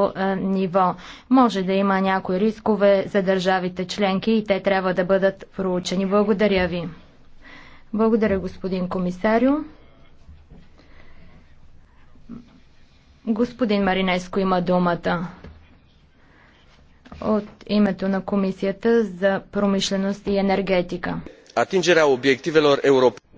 високо е, ниво. Може да има някои рискове за държавите членки и те трябва да бъдат проучени. Благодаря ви. Благодаря, господин комисарио. Господин Маринеско има думата от името на Комисията за промишленост и енергетика. Atingerea obiectivelor europene